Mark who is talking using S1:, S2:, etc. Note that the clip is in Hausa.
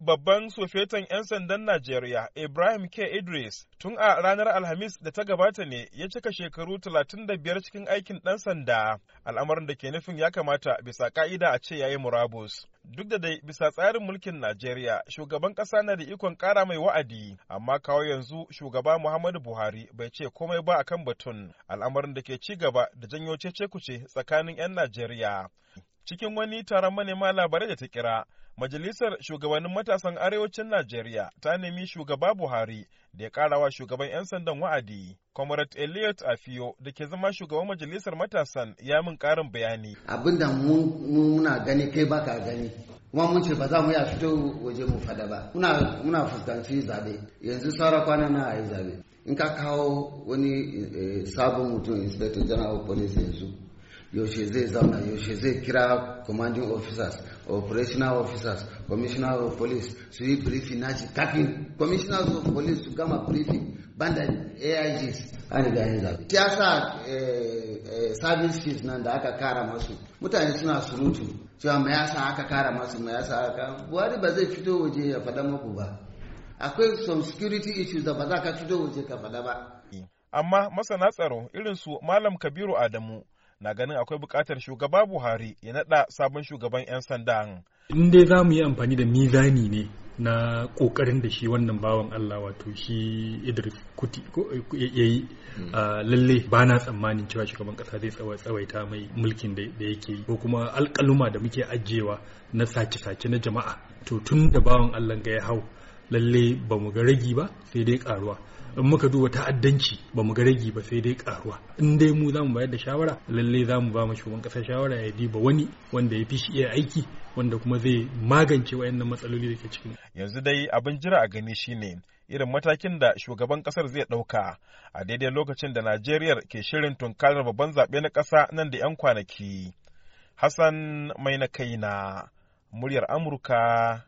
S1: Babban sufetan 'yan sandan Najeriya Ibrahim K. Idris tun a ranar Alhamis da ta gabata ne ya cika shekaru 35 cikin aikin ɗan sanda, al'amarin da ke nufin ya kamata bisa ka'ida a ce ya yi murabus. Duk da dai bisa tsarin mulkin Najeriya, shugaban ƙasa na da ikon ƙara mai wa'adi, amma kawo yanzu shugaba Muhammadu Buhari bai ce komai ba akan batun, al'amarin da ke ci gaba da janyo cece kuce tsakanin 'yan Najeriya. Cikin wani taron manema labarai da ta kira, Majalisar Shugabannin Matasan Arewacin Najeriya ta nemi shugaba Buhari da ya karawa shugaban 'yan sandan wa'adi. Comrade Elliot Afiyo da ke zama shugaban majalisar matasan ya min karin bayani.
S2: Abin da muna gani kai baka gani. Kuma mun ce ba za mu ya fito waje mu fada ba. Muna fuskanci zabe. Yanzu saura kwana na ayi zabe. In ka kawo wani eh, sabon mutum inspector general police yanzu. yaushe zai zauna yaushe zai kira commanding officers operational officers commissioner of police su yi briefing na kafin commissioners of police su gama briefing banda aigs an riga yin zaɓe ta sa eh, eh, nan da aka kara masu mutane suna surutu cewa ma yasa aka kara masu ma yasa aka buhari ba zai fito
S1: waje ya faɗa muku ba akwai some security issues da ba za ka fito waje ka fada ba amma masana tsaro irin su malam kabiru adamu na ganin akwai bukatar shugaba Buhari ya naɗa sabon shugaban 'yan sanda.
S3: In dai za mu yi amfani da mizani ne na ƙoƙarin da shi wannan bawan Allah wato shi Idris Kuti ya yi hmm. lalle ba na tsammanin cewa shugaban ƙasa zai tsawaita mai mulkin da yake yi ko kuma alkaluma da muke ajiyewa na sace-sace na jama'a to tun da bawan Allah ga ya hau lalle ba mu ga ragi ba sai dai karuwa in muka duba ta'addanci ba mu ga ragi ba sai dai karuwa in dai mu za mu bayar da shawara lalle za mu ba mu shugaban kasa shawara ya diba wani wanda ya fi shi iya aiki wanda kuma zai magance wayannan matsaloli da ke cikin
S1: yanzu dai abin jira a gani shine irin matakin da shugaban kasar zai ɗauka a daidai lokacin da najeriya ke shirin tunkarar babban zaɓe na kasa nan da 'yan kwanaki hassan mai na kaina muryar amurka